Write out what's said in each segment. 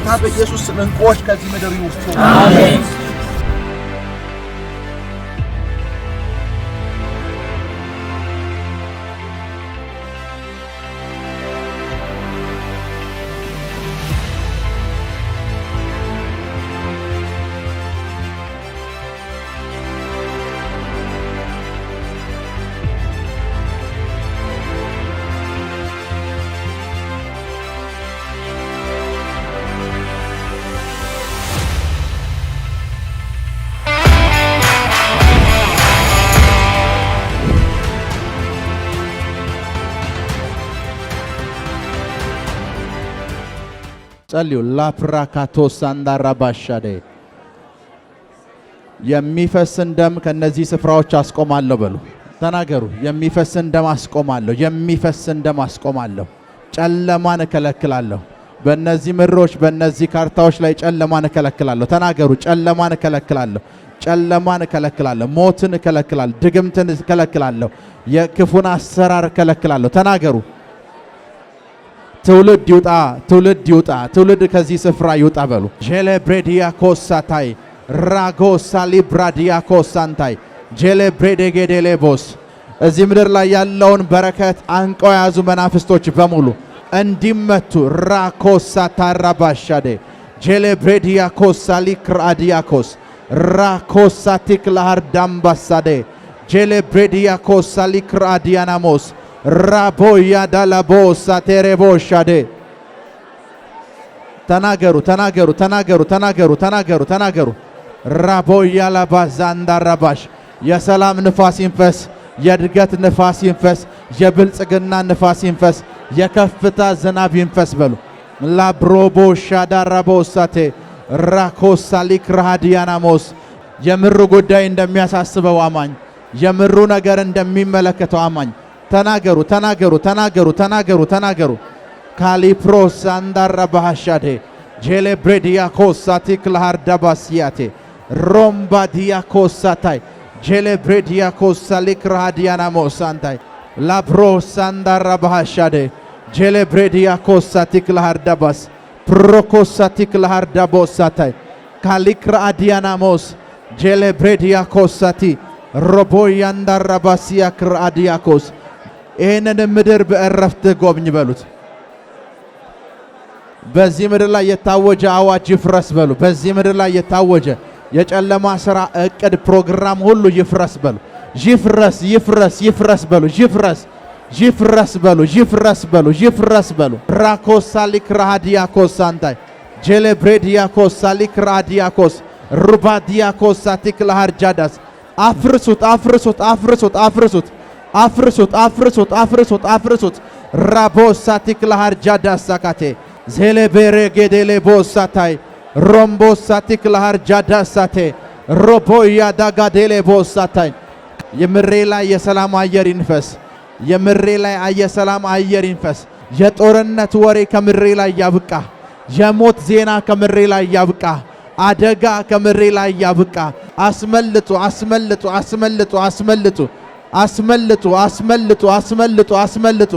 ጌታ በኢየሱስ ስም እንቁዎች ከዚህ ምድር ይውጡ። ጸልዩ። ላፕራካቶ ሳንዳራባሻዴ የሚፈስን ደም ከነዚህ ስፍራዎች አስቆማለሁ በሉ። ተናገሩ። የሚፈስን ደም አስቆማለሁ። የሚፈስን ደም አስቆማለሁ። ጨለማን እከለክላለሁ። በእነዚህ ምድሮች በእነዚህ ካርታዎች ላይ ጨለማን እከለክላለሁ። ተናገሩ። ጨለማን እከለክላለሁ። ጨለማን እከለክላለሁ። ሞትን እከለክላለሁ። ድግምትን እከለክላለሁ። የክፉን አሰራር እከለክላለሁ። ተናገሩ። ትውልድ ይውጣ፣ ትውልድ ይውጣ፣ ትውልድ ከዚህ ስፍራ ይውጣ በሉ። ጄሌብሬዲያኮሳታይ ራጎሳ ኮሳንታይ ጀለብሬዴጌዴሌቦስ እዚህ ምድር ላይ ያለውን በረከት አንቆ የያዙ መናፍስቶች በሙሉ እንዲመቱ ራኮሳ ታራባሻዴ ጄሌብሬዲያኮሳ ሊክራዲያኮስ ራኮሳ ቲክላሃር ዳምባሳዴ ጄሌብሬዲያኮሳ ሊክራዲያናሞስ ራቦያ ዳላቦሳ ቴሬቦሻዴ ተናገሩ ተናገሩ ተናገሩ ተናገሩ ተናገሩ ተናገሩ። ራቦያ ላባዛ እንዳራባሽ የሰላም ንፋስ ይንፈስ፣ የእድገት ንፋስ ይንፈስ፣ የብልጽግና ንፋስ ይንፈስ፣ የከፍታ ዝናብ ይንፈስ በሉ ላብሮቦሻ ዳራቦሳቴ ራኮሳ ሊክራሃዲያናሞስ የምሩ ጉዳይ እንደሚያሳስበው አማኝ የምሩ ነገር እንደሚመለከተው አማኝ ተናገሩ ተናገሩ ተናገሩ ተናገሩ ተናገሩ ካሊፕሮስ አንዳራ ባሃሻዴ ጄሌ ብሬዲያኮሳ ቲክልሃር ዳባስያቴ ሮምባ ዲያኮሳ ታይ ጄሌ ብሬዲያኮሳ ሊክርሃ ዲያናሞሳንታይ ላብሮሳ አንዳራ ባሃሻዴ ጄሌ ብሬዲያኮሳ ቲክልሃር ዳባስ ፕሮኮሳ ቲክልሃር ዳቦሳታይ ካሊክርአ ዲያናሞስ ጄሌ ብሬዲያኮሳቲ ሮቦያንዳራ ባስያ ክርአ ዲያኮስ ይህንን ምድር በእረፍት ጎብኝ በሉት። በዚህ ምድር ላይ የታወጀ አዋጅ ይፍረስ በሉ። በዚህ ምድር ላይ የታወጀ የጨለማ ስራ እቅድ፣ ፕሮግራም ሁሉ ይፍረስ በሉ። ይፍረስ ይፍረስ ይፍረስ በሉ። ይፍረስ ይፍረስ በሉ። ይፍረስ በሉ። ይፍረስ በሉ። ራኮሳሊክ ራሃዲያኮስ አንታይ ጄሌብሬዲያኮስ ሳሊክ ራዲያኮስ ሩባዲያኮስ ሳቲክ ላሃርጃዳስ አፍርሱት አፍርሱት አፍርሱት አፍርሱት አፍርሱት፣ አፍርሱት፣ አፍርሱት፣ አፍርሱት። ራቦሳ ቲክላሃርጃዳ ሳካቴ ዜሌቤሬ ጌዴሌ ቦሳታይ ሮምቦሳ ቲክላሃርጃዳ ሳቴ ሮቦያ ዳጋዴሌ ቦሳታይ የምሬ ላይ የሰላም አየር ይንፈስ። የምሬ ላይ የሰላም አየር ይንፈስ። የጦርነት ወሬ ከምሬ ላይ ያብቃ። የሞት ዜና ከምሬ ላይ ያብቃ። አደጋ ከምሬ ላይ ያብቃ። አስመልጡ፣ አስመልጡ፣ አስመልጡ፣ አስመልጡ። አስመልጡ አስመልጡ አስመልጡ አስመልጡ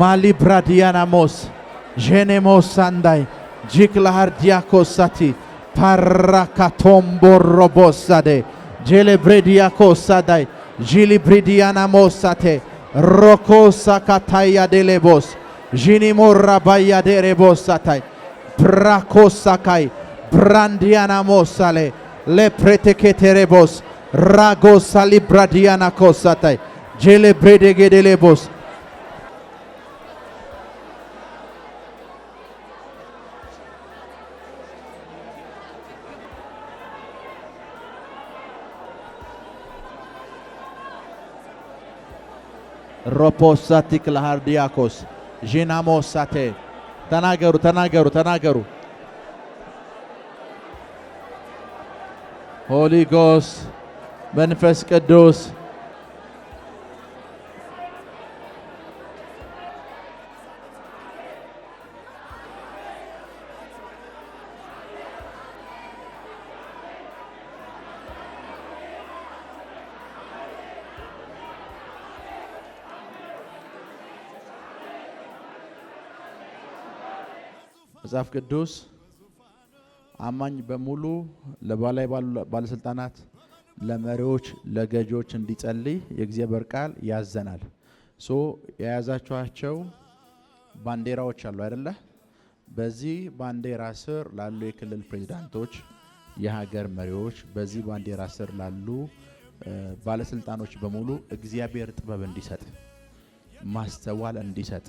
ማሊ ብራዲያና ሞስ ብራዲያናሞስ ዤኔሞስ አንዳይ ጂክላሃርዲያኮሳቲ ፓራካቶምቦሮቦሳዴ ጄሌብሬዲያኮሳዳይ ዢሊብሪዲያናሞሳቴ ባያ ዴሬቦሳታይ ብራኮሳካይ ብራንዲያና ሞሳሌ ለፕሬቴኬቴሬቦስ ragosa libradiana kosatai jele bredegedelebos ሮፖሳቲክ ለሃርዲያኮስ ዢናሞሳቴ ተናገሩ ተናገሩ ተናገሩ ሆሊ ጎስ መንፈስ ቅዱስ መጽሐፍ ቅዱስ አማኝ በሙሉ ለበላይ ባለስልጣናት ለመሪዎች ለገዢዎች እንዲጸልይ የእግዚአብሔር ቃል ያዘናል። ሶ የያዛችኋቸው ባንዲራዎች አሉ አይደለ? በዚህ ባንዲራ ስር ላሉ የክልል ፕሬዚዳንቶች፣ የሀገር መሪዎች፣ በዚህ ባንዲራ ስር ላሉ ባለስልጣኖች በሙሉ እግዚአብሔር ጥበብ እንዲሰጥ፣ ማስተዋል እንዲሰጥ፣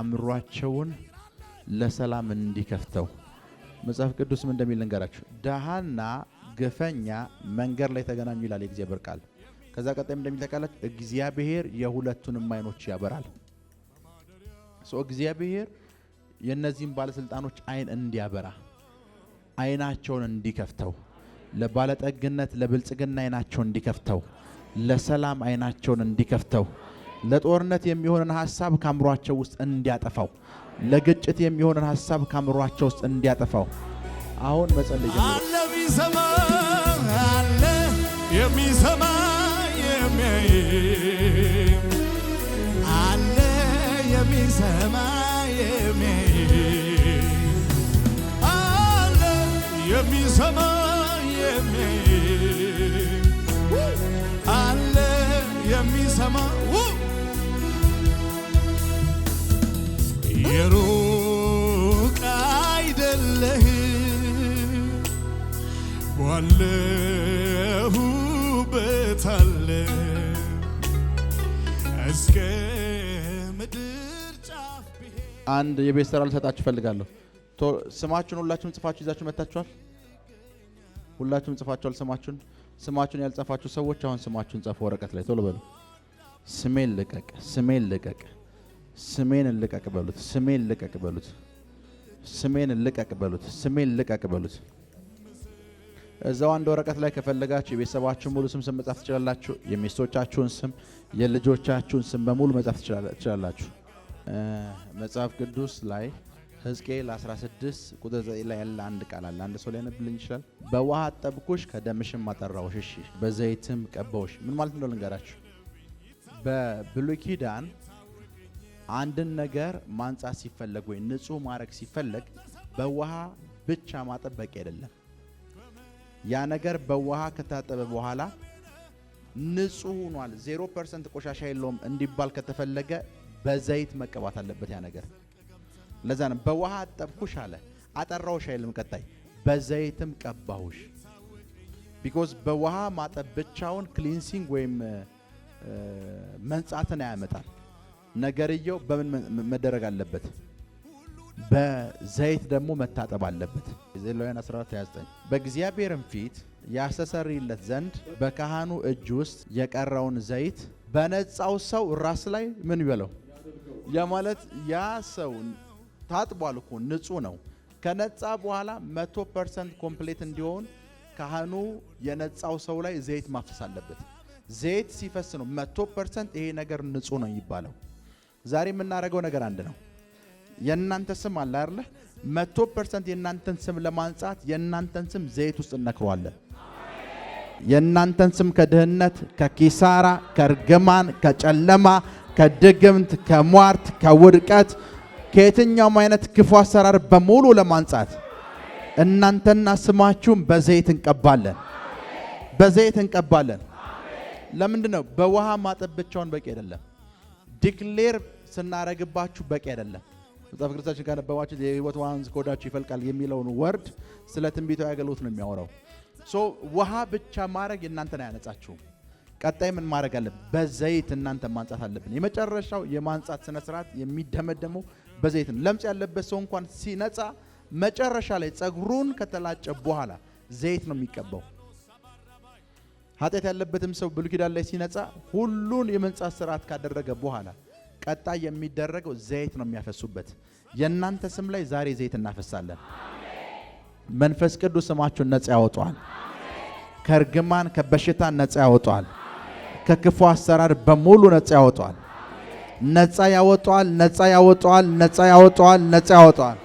አእምሯቸውን ለሰላም እንዲከፍተው መጽሐፍ ቅዱስ እንደሚል ልንገራችሁ። ድሃና ግፈኛ መንገድ ላይ ተገናኙ ይላል የእግዚአብሔር ቃል። ከዛ ቀጣይ እንደሚል ተቃላች እግዚአብሔር የሁለቱንም አይኖች ያበራል። እግዚአብሔር የእነዚህም ባለስልጣኖች አይን እንዲያበራ አይናቸውን እንዲከፍተው ለባለጠግነት ለብልጽግና አይናቸውን እንዲከፍተው ለሰላም አይናቸውን እንዲከፍተው ለጦርነት የሚሆንን ሀሳብ ካምሯቸው ውስጥ እንዲያጠፋው ለግጭት የሚሆንን ሀሳብ ካምሯቸው ውስጥ እንዲያጠፋው አሁን መጸለይ የሚሰማ አለ የሚሰማ የሚያይ አለ የሚሰማ የሚያይ አለ የሚሰማ የሚያይ አለ የሚሰማ የሩ ያለሁበት አለ እስከ ምድር ጫፍ። አንድ የቤት ስራ ልሰጣችሁ እፈልጋለሁ። ስማችሁን ሁላችሁም ጽፋችሁ ይዛችሁ መታችኋል። ሁላችሁም ጽፋችኋል። ስማችሁን ስማችሁን ያልጻፋችሁ ሰዎች አሁን ስማችሁን ጻፉ ወረቀት ላይ ቶሎ በሉ። ስሜን ልቀቅ፣ ስሜን ልቀቅ፣ ስሜን ልቀቅ በሉት። ስሜን ልቀቅ በሉት። ስሜን ልቀቅ በሉት። ስሜን ልቀቅ በሉት። እዛው አንድ ወረቀት ላይ ከፈለጋችሁ የቤተሰባችሁን ሙሉ ስም ስም መጻፍ ትችላላችሁ። የሚስቶቻችሁን ስም፣ የልጆቻችሁን ስም በሙሉ መጻፍ ትችላላችሁ። መጽሐፍ ቅዱስ ላይ ሕዝቅኤል 16 ቁጥር 9 ላይ ያለ አንድ ቃል አለ። አንድ ሰው ሊያነብልኝ ይችላል። በውሃ አጠብኩሽ፣ ከደምሽም አጠራሁሽ፣ እሺ በዘይትም ቀባሁሽ። ምን ማለት እንደሆነ ልንገራችሁ። በብሉይ ኪዳን አንድን ነገር ማንጻት ሲፈለግ ወይም ንጹህ ማድረግ ሲፈለግ በውሃ ብቻ ማጠብ በቂ አይደለም። ያ ነገር በውሃ ከታጠበ በኋላ ንጹህ ሆኗል፣ 0% ቆሻሻ የለውም እንዲባል ከተፈለገ በዘይት መቀባት አለበት። ያ ነገር ለዛ ነው በውሃ አጠብኩሽ አለ አጠራውሽ አይልም። ቀጣይ በዘይትም ቀባሁሽ። ቢኮዝ በውሃ ማጠብ ብቻውን ክሊንሲንግ ወይም መንጻትን አያመጣል። ነገርየው በምን መደረግ አለበት? በዘይት ደግሞ መታጠብ አለበት። ዘሌዋውያን 14:29 በእግዚአብሔርም ፊት ያስተሰርይለት ዘንድ በካህኑ እጅ ውስጥ የቀረውን ዘይት በነጻው ሰው ራስ ላይ ምን ይበለው? ያ ማለት ያ ሰው ታጥቧል እኮ ንጹህ ነው። ከነጻ በኋላ 100% ኮምፕሌት እንዲሆን ካህኑ የነጻው ሰው ላይ ዘይት ማፍሰስ አለበት። ዘይት ሲፈስ ነው 100% ይሄ ነገር ንጹህ ነው ይባለው። ዛሬ የምናደርገው ነገር አንድ ነው። የእናንተ ስም አለ አይደለ? መቶ ፐርሰንት የእናንተን ስም ለማንጻት የእናንተን ስም ዘይት ውስጥ እነክሯለን። የእናንተን ስም ከድህነት፣ ከኪሳራ፣ ከርግማን፣ ከጨለማ፣ ከድግምት፣ ከሟርት፣ ከውድቀት፣ ከየትኛውም አይነት ክፉ አሰራር በሙሉ ለማንጻት እናንተና ስማችሁም በዘይት እንቀባለን። በዘይት እንቀባለን። ለምንድን ነው? በውሃ ማጠብ ብቻውን በቂ አይደለም። ዲክሌር ስናረግባችሁ በቂ አይደለም። መጽሐፍ ቅዱሳችን ካነበባችሁ የህይወት ወንዝ ከሆዳችሁ ይፈልቃል የሚለውን ወርድ ስለ ትንቢታዊ አገልግሎት ነው የሚያወራው። ሶ ውሃ ብቻ ማድረግ እናንተን አያነጻችሁም። ቀጣይ ምን ማድረግ አለብን? በዘይት እናንተ ማንጻት አለብን። የመጨረሻው የማንጻት ስነስርዓት የሚደመደመው በዘይት ነው። ለምጽ ያለበት ሰው እንኳን ሲነጻ መጨረሻ ላይ ጸጉሩን ከተላጨ በኋላ ዘይት ነው የሚቀባው። ኃጢአት ያለበትም ሰው ብሉይ ኪዳን ላይ ሲነጻ ሁሉን የመንጻት ስርዓት ካደረገ በኋላ ቀጣይ የሚደረገው ዘይት ነው የሚያፈሱበት። የእናንተ ስም ላይ ዛሬ ዘይት እናፈሳለን። መንፈስ ቅዱስ ስማችሁን ነጻ ያወጧል ከእርግማን ከበሽታ ነጻ ያወጧል። ከክፉ አሰራር በሙሉ ነጻ ያወጧል ነጻ ያወጧል ነጻ ያወጧል ነጻ ያወጧል ነጻ ያወጧል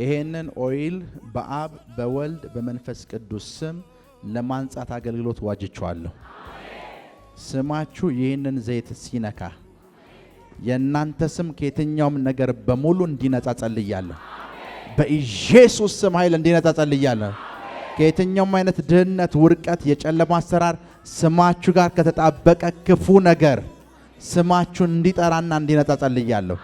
ይሄንን ኦይል በአብ በወልድ በመንፈስ ቅዱስ ስም ለማንጻት አገልግሎት ዋጅቸዋለሁ። ስማችሁ ይህንን ዘይት ሲነካ የእናንተ ስም ከየትኛውም ነገር በሙሉ እንዲነጻ ጸልያለሁ። በኢየሱስ ስም ኃይል እንዲነጻ ጸልያለሁ። ከየትኛውም አይነት ድህነት፣ ውርቀት የጨለማ አሰራር ስማችሁ ጋር ከተጣበቀ ክፉ ነገር ስማችሁን እንዲጠራና እንዲነጻ ጸልያለሁ።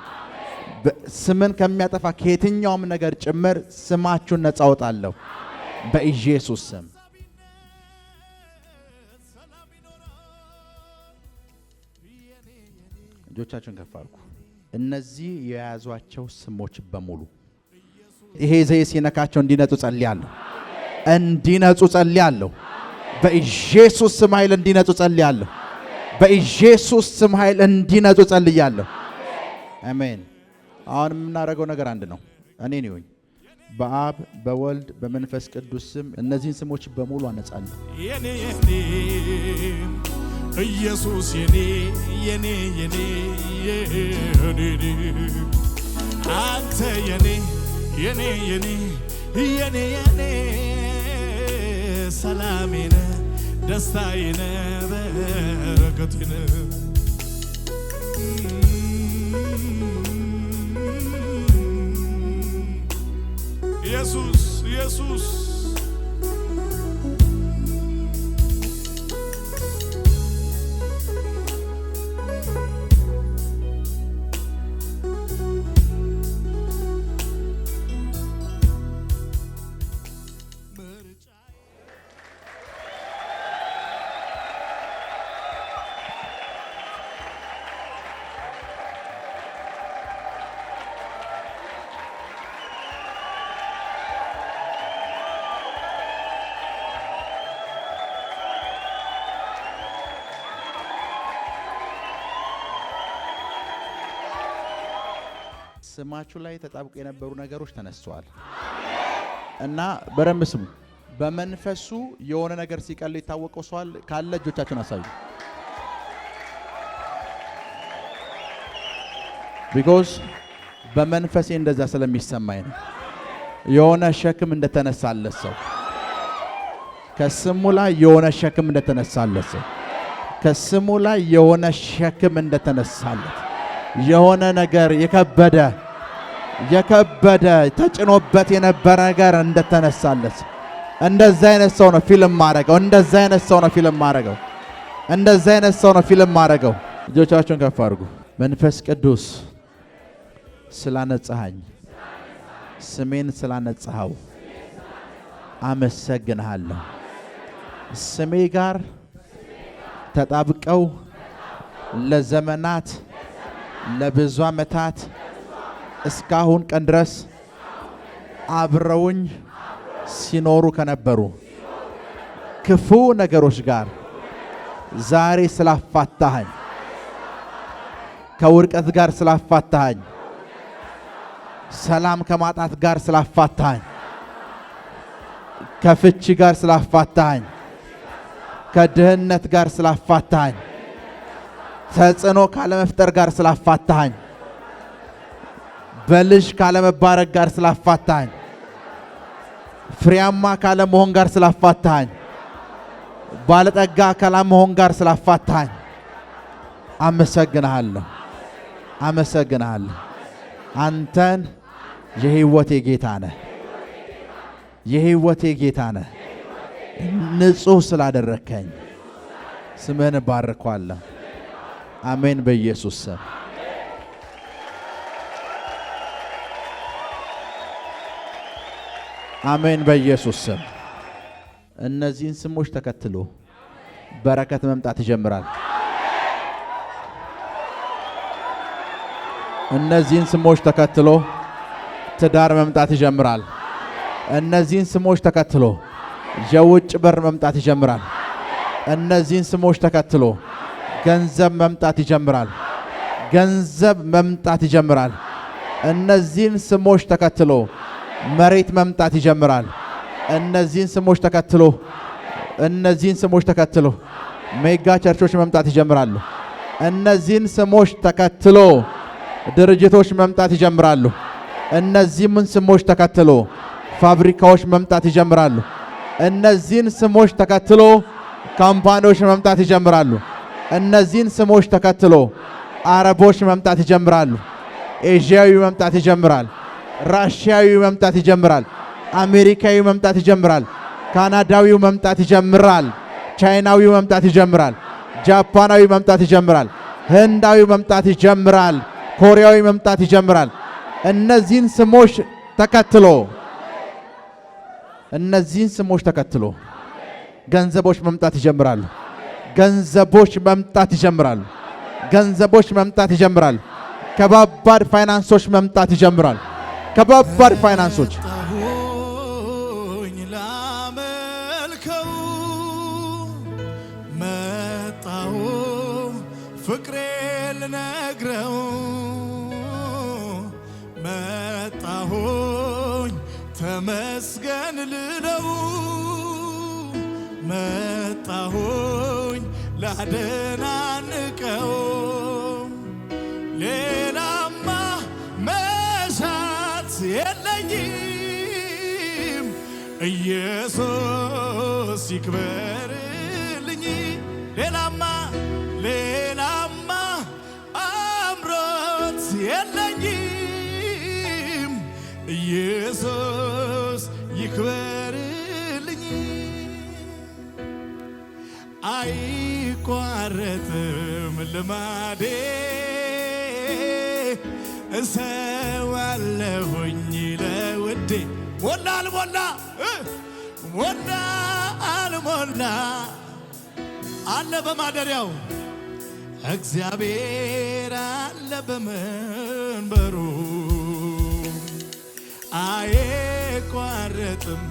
ስምን ከሚያጠፋ ከየትኛውም ነገር ጭምር ስማችሁን ነጻ ወጣለሁ በኢየሱስ ስም። እጆቻችን ከፍ አድርጉ። እነዚህ የያዟቸው ስሞች በሙሉ ይሄ ዘይ ሲነካቸው እንዲነጹ ጸልያለሁ፣ እንዲነጹ ጸልያለሁ። በኢየሱስ ስም ኃይል እንዲነጹ ጸልያለሁ። በኢየሱስ ስም ኃይል እንዲነጹ ጸልያለሁ። አሜን። አሁን የምናደርገው ነገር አንድ ነው። እኔ ነኝ። በአብ በወልድ በመንፈስ ቅዱስ ስም እነዚህን ስሞች በሙሉ አነጻለሁ። ኢየሱስ የኔ የኔ የኔ የኔ አንተ የኔ የኔ የኔ የኔ የኔ ሰላሜ ነህ ደስታዬ ነህ በረከቴ ነህ ኢየሱስ ኢየሱስ ስማችሁ ላይ ተጣብቆ የነበሩ ነገሮች ተነስተዋል እና በደንብ ስሙ። በመንፈሱ የሆነ ነገር ሲቀል ይታወቀው ሰዋል ካለ እጆቻችሁን አሳዩ። ቢኮዝ በመንፈሴ እንደዛ ስለሚሰማኝ ነው። የሆነ ሸክም እንደተነሳለት ሰው ከስሙ ላይ የሆነ ሸክም እንደተነሳለት ሰው ከስሙ ላይ የሆነ ሸክም እንደተነሳለት የሆነ ነገር የከበደ የከበደ ተጭኖበት የነበረ ነገር እንደተነሳለት እንደዛ አይነት ሰው ነው ፊልም ማረገው። እንደዛ አይነት ሰው ነው ፊልም ማረገው። እንደዛ አይነት ሰው ነው ፊልም ማረገው። ልጆቻችሁን ከፍ አድርጉ። መንፈስ ቅዱስ ስላነጻኸኝ፣ ስሜን ስላነጻኸው አመሰግንሃለሁ። ስሜ ጋር ተጣብቀው ለዘመናት ለብዙ ዓመታት እስካሁን ቀን ድረስ አብረውኝ ሲኖሩ ከነበሩ ክፉ ነገሮች ጋር ዛሬ ስላፋታኸኝ፣ ከውድቀት ጋር ስላፋታኸኝ፣ ሰላም ከማጣት ጋር ስላፋታኸኝ፣ ከፍቺ ጋር ስላፋታኸኝ፣ ከድህነት ጋር ስላፋታኸኝ፣ ተጽዕኖ ካለመፍጠር ጋር ስላፋታኸኝ በልጅ ካለመባረግ ጋር ስላፋታኝ፣ ፍሬያማ ካለመሆን ጋር ስላፋታኝ፣ ባለጠጋ ካለመሆን ጋር ስላፋታኝ አመሰግንሃለሁ፣ አመሰግንሃለሁ። አንተን የህይወቴ ጌታ ነህ፣ የህይወቴ ጌታ ነህ። ንጹህ ስላደረከኝ ስምህን ባርኳለሁ። አሜን። በኢየሱስ ስም አሜን። በኢየሱስ ስም እነዚህን ስሞች ተከትሎ በረከት መምጣት ይጀምራል። እነዚህን ስሞች ተከትሎ ትዳር መምጣት ይጀምራል። እነዚህን ስሞች ተከትሎ የውጭ በር መምጣት ይጀምራል። እነዚህን ስሞች ተከትሎ ገንዘብ መምጣት ይጀምራል። ገንዘብ መምጣት ይጀምራል። እነዚህን ስሞች ተከትሎ መሬት መምጣት ይጀምራል። እነዚህን ስሞች ተከትሎ እነዚህን ስሞች ተከትሎ ሜጋ ቸርቾች መምጣት ይጀምራሉ። እነዚህን ስሞች ተከትሎ ድርጅቶች መምጣት ይጀምራሉ። እነዚህን ስሞች ተከትሎ ፋብሪካዎች መምጣት ይጀምራሉ። እነዚህን ስሞች ተከትሎ ካምፓኒዎች መምጣት ይጀምራሉ። እነዚህን ስሞች ተከትሎ አረቦች መምጣት ይጀምራሉ። ኤዥያዊ መምጣት ይጀምራል። ራሽያዊው መምጣት ይጀምራል። አሜሪካዊው መምጣት ይጀምራል። ካናዳዊው መምጣት ይጀምራል። ቻይናዊው መምጣት ይጀምራል። ጃፓናዊ መምጣት ይጀምራል። ህንዳዊ መምጣት ይጀምራል። ኮሪያዊ መምጣት ይጀምራል። እነዚህን ስሞች ተከትሎ እነዚህን ስሞች ተከትሎ ገንዘቦች መምጣት ይጀምራሉ። ገንዘቦች መምጣት ይጀምራሉ። ገንዘቦች መምጣት ይጀምራሉ። ከባባድ ፋይናንሶች መምጣት ይጀምራሉ። ከባባድ ፋይናንሶች ፍቅሬ ልነግረው መጣሁኝ ተመስገን ልለው መጣሁኝ ላደ ኢየሱስ ይክበርልኝ። ሌላማ ሌላማ አምሮት የለኝም። ኢየሱስ ይክበርልኝ። አይቋረጥም ልማዴ እሰዋለሁኝ ለውዴ ሞላ ሞላ አልሞላ አለ በማደሪያው እግዚአብሔር አለ በመንበሩ አይቋረጥም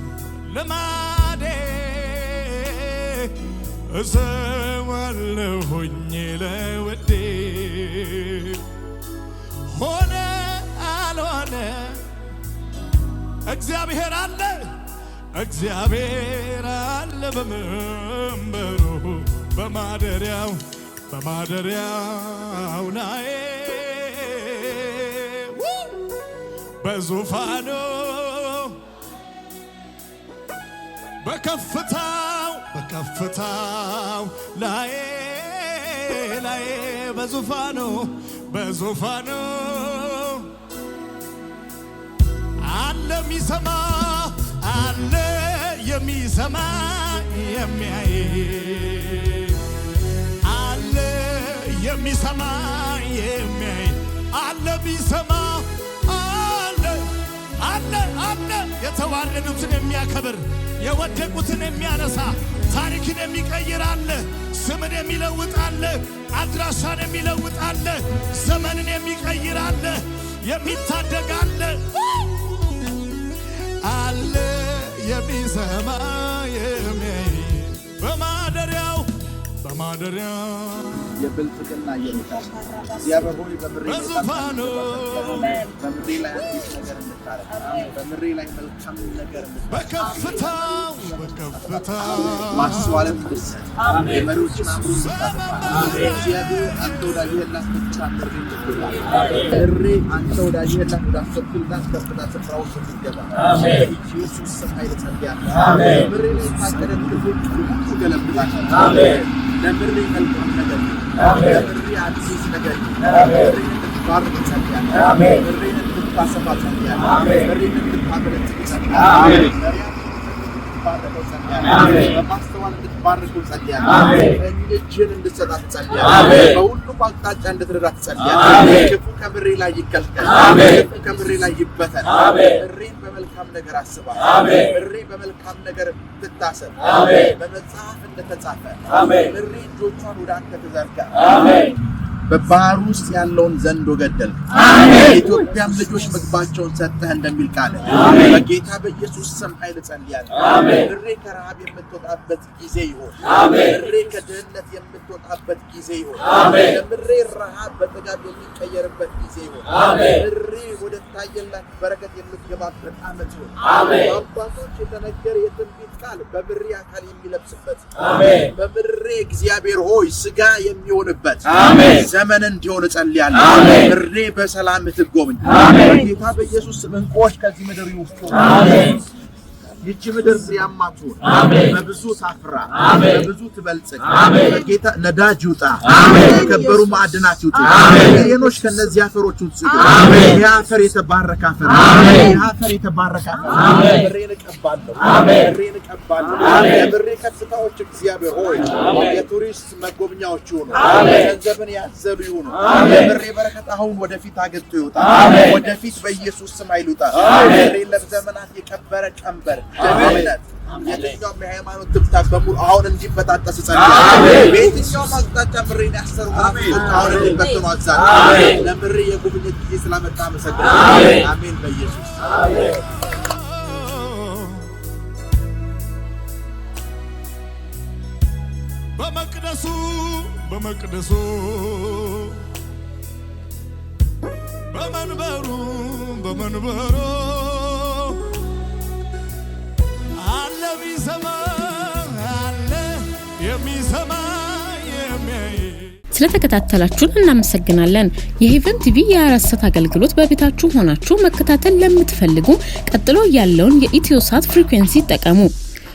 ልማዴ ሆነ አልሆነ እግዚአብሔር አለ እግዚአብሔር አለ በመንበሩ በማደሪያው በማደሪያው ላይ በዙፋኑ በከፍታው በከፍታው ላይ ላይ በዙፋኑ በዙፋኑ አለ አለ የሚሰማ የሚያይ አለ የሚሰማ የሚያይ አለ ሚሰማ አለ አለ አለ የተዋረዱትን የሚያከብር የወደቁትን የሚያነሳ ታሪክን የሚቀይር አለ። ስምን የሚለውጥ አለ። አድራሻን የሚለውጥ አለ። ዘመንን የሚቀይር አለ። የሚታደግ አለ አለ የሚሰማ የሚያይ በማደሪያ ማደሪያ የብልጽግና እየመጣል እግዚአብሔር ሆይ በምድሬ ላይ አዲስ ነገር እንድታረግ በምድሬ ላይ መልካም ነገር በከፍታው በከፍታው ማስተዋልን እንድትሰጥ የመሪዎችን አእምሮ አንተ ወዳየህላት ብቻ ምድር እንድትላል አንተ ወዳየህላት ወዳሰብክላት ከፍታ ስፍራዎች እንድትገባ ኢየሱስ ስም ኃይል ጸልያለሁ ላይ የታቀደን ክፉ ሁሉ ገለብጣለሁ دبر لي قلب محمد دبر لي عزيز نجد دبر لي الكفار من سبيان دبر لي الكفار سبا سبيان دبر لي الكفار من سبيان እንድትባረከው ጸልያለሁ። በማስተዋል እንድትባርከው ጸልያለሁ። ልጅህን እንድትሰጣት ጸልያለሁ። በሁሉም አቅጣጫ እንድትረዳት ጸልያለሁ። ክፉ ከምሬ ላይ ይከልከል፣ ክፉ ከምሬ ላይ ይበተን። እሬን በመልካም ነገር አስባል። እሬ በመልካም ነገር ትታሰብ። በመጽሐፍ እንደተጻፈ እሬ እጆቿን ወደ አንተ ትዘርጋ። በባህር ውስጥ ያለውን ዘንዶ ገደል። የኢትዮጵያም ልጆች ምግባቸውን ሰጠህ እንደሚል ቃል በጌታ በኢየሱስ ስም ኃይል ጸልያለሁ። እሬ ከረሃብ የምትወጣበት ጊዜ ይሆን። እሬ ከድህነት የምትወጣበት ጊዜ ይሆን። እምሬ ረሃብ በጥጋብ የሚቀየርበት ጊዜ ይሆን። እሬ ወደ ታየላት በረከት የምትገባበት ዓመት ይሆን። አባቶች የተነገረ የትንቢት ቃል በምሬ አካል የሚለብስበት በምሬ እግዚአብሔር ሆይ ስጋ የሚሆንበት ዘመን እንዲሆን እጸልያለሁ። ምሬ በሰላም ትጎብኝ። ጌታ በኢየሱስ ስም እንቁዎች ከዚህ ምድር ይውጡ። ይቺ ምድር ፍሬያማ ትሁን፣ በብዙ ታፍራ፣ በብዙ ትበልጽግ፣ በጌታ ነዳጅ ይውጣ፣ የከበሩ ማዕድናት ይውጡ። ሄኖሽ ከነዚህ አፈሮች ውስጥ ይህ አፈር የተባረከ አፈር፣ ይህ አፈር የተባረከ አፈር። ብሬን እቀባለሁ፣ ብሬን እቀባለሁ። የብሬ ከፍታዎች እግዚአብሔር ሆይ የቱሪስት መጎብኛዎች ይሁኑ፣ ገንዘብን ያዘሉ ይሁኑ። የብሬ በረከት አሁን ወደፊት አገጥቶ ይውጣ፣ ወደፊት በኢየሱስ ስም አይሉጣ። ብሬ ለዘመናት የከበረ ቀንበር የትኛውም የሃይማኖት ትምታት በሙሉ አሁን እንዲበጣጠስ እጸልያለሁ። በየትኛውም አቅጣጫ ምሬን ያሰሩ አሁን እንዲበተኑ አዛለሁ። ለምሬ የጉብኝት ጊዜ ስላመጣ አመሰግናለሁ። አሜን በኢየሱስ በመቅደሱ በመቅደሱ በመንበሩ በመንበሩ አለ አለ የሚሰማ ስለተከታተላችሁን እናመሰግናለን። የሄቨን ቲቪ የአራት አገልግሎት በቤታችሁ ሆናችሁ መከታተል ለምትፈልጉ ቀጥሎ ያለውን የኢትዮሳት ፍሪኩዌንሲ ይጠቀሙ።